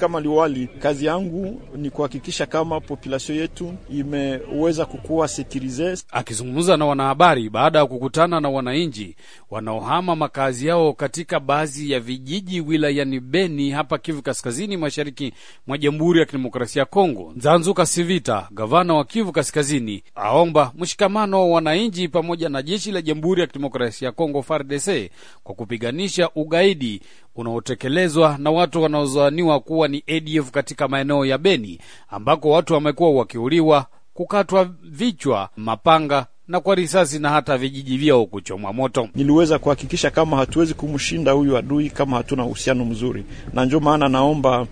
Kama liwali, kazi yangu ni kuhakikisha kama population yetu imeweza kukuwa sekirize. Akizungumza na wanahabari baada ya kukutana na wananchi wanaohama makazi yao katika baadhi ya vijiji wilayani Beni hapa Kivu Kaskazini, mashariki mwa Jamhuri ya Kidemokrasia ya Kongo, Nzanzu Kasivita, gavana wa Kivu Kaskazini, aomba mshikamano wa wananchi pamoja na jeshi la Jamhuri ya Kidemokrasia ya Kongo FARDC kwa kupiganisha ugaidi unaotekelezwa na watu wanaozaniwa kuwa ni ADF katika maeneo ya Beni ambako watu wamekuwa wakiuliwa, kukatwa vichwa mapanga na kwa risasi na hata vijiji vyao kuchomwa moto. Niliweza kuhakikisha kama hatuwezi kumshinda huyu adui kama hatuna uhusiano mzuri, na njo maana naomba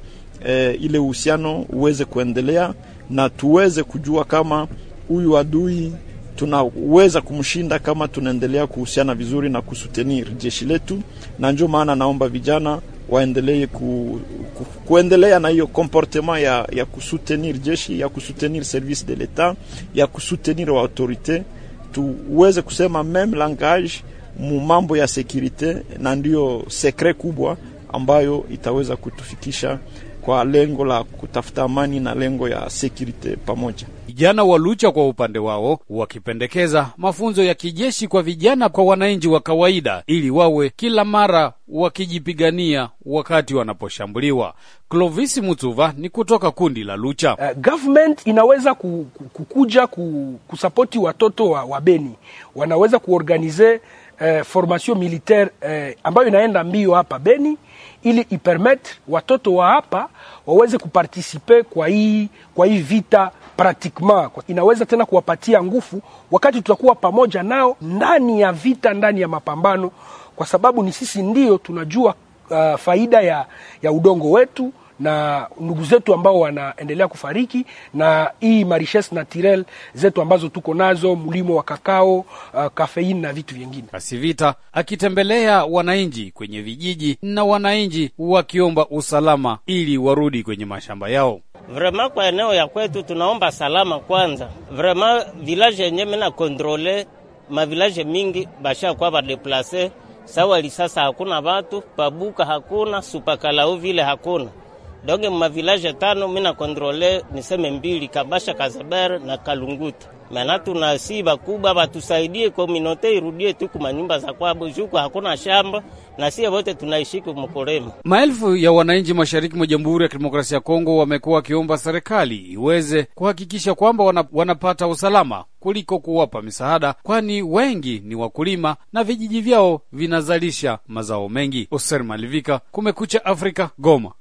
e, ile uhusiano uweze kuendelea na tuweze kujua kama huyu adui tunaweza kumshinda kama tunaendelea kuhusiana vizuri na kusutenir jeshi letu, na ndio maana naomba vijana waendelee ku, ku, kuendelea na hiyo comportement ya, ya kusutenir jeshi ya kusutenir service de l'etat ya kusutenir wa autorite, tuweze kusema meme langage mu mambo ya securite, na ndiyo sekre kubwa ambayo itaweza kutufikisha kwa lengo la kutafuta amani na lengo ya sekurite pamoja. Vijana wa Lucha kwa upande wao wakipendekeza mafunzo ya kijeshi kwa vijana kwa wananchi wa kawaida ili wawe kila mara wakijipigania wakati wanaposhambuliwa. Clovis Mutuva ni kutoka kundi la Lucha. Uh, government inaweza kukuja kusapoti watoto wa, wa Beni wanaweza kuorganize eh, formation militaire eh, ambayo inaenda mbio hapa Beni ili ipermetre watoto wa hapa waweze kupartisipe kwa hii kwa hii vita pratiquement inaweza tena kuwapatia nguvu wakati tutakuwa pamoja nao ndani ya vita, ndani ya mapambano, kwa sababu ni sisi ndio tunajua uh, faida ya, ya udongo wetu na ndugu zetu ambao wanaendelea kufariki, na hii marishes naturel zetu ambazo tuko nazo, mlimo wa kakao, uh, kafein na vitu vingine. Asivita akitembelea wananchi kwenye vijiji na wananchi wakiomba usalama ili warudi kwenye mashamba yao. Vrema kwa eneo ya kwetu tunaomba salama kwanza. Vrema village yenye mina kontrole mavilaje mingi basha kwa badeplase sawali, sasa hakuna vatu pabuka hakuna, supakalau vile hakuna donge mumavilaje tano mina kontrole niseme mbili Kabasha, Kazeber na Kalunguta. Mana tunasi bakubwa batusaidie kominote irudie tu kwa za kwabo, juko hakuna shamba na sie wote tunaishiki mkulima. Maelfu ya wananchi mashariki mwa Jamhuri ya Kidemokrasia ya Kongo wamekuwa wakiomba serikali iweze kuhakikisha kwamba wana, wanapata usalama kuliko kuwapa misaada, kwani wengi ni wakulima na vijiji vyao vinazalisha mazao mengi. Oser Malivika, Kumekucha Afrika, Goma.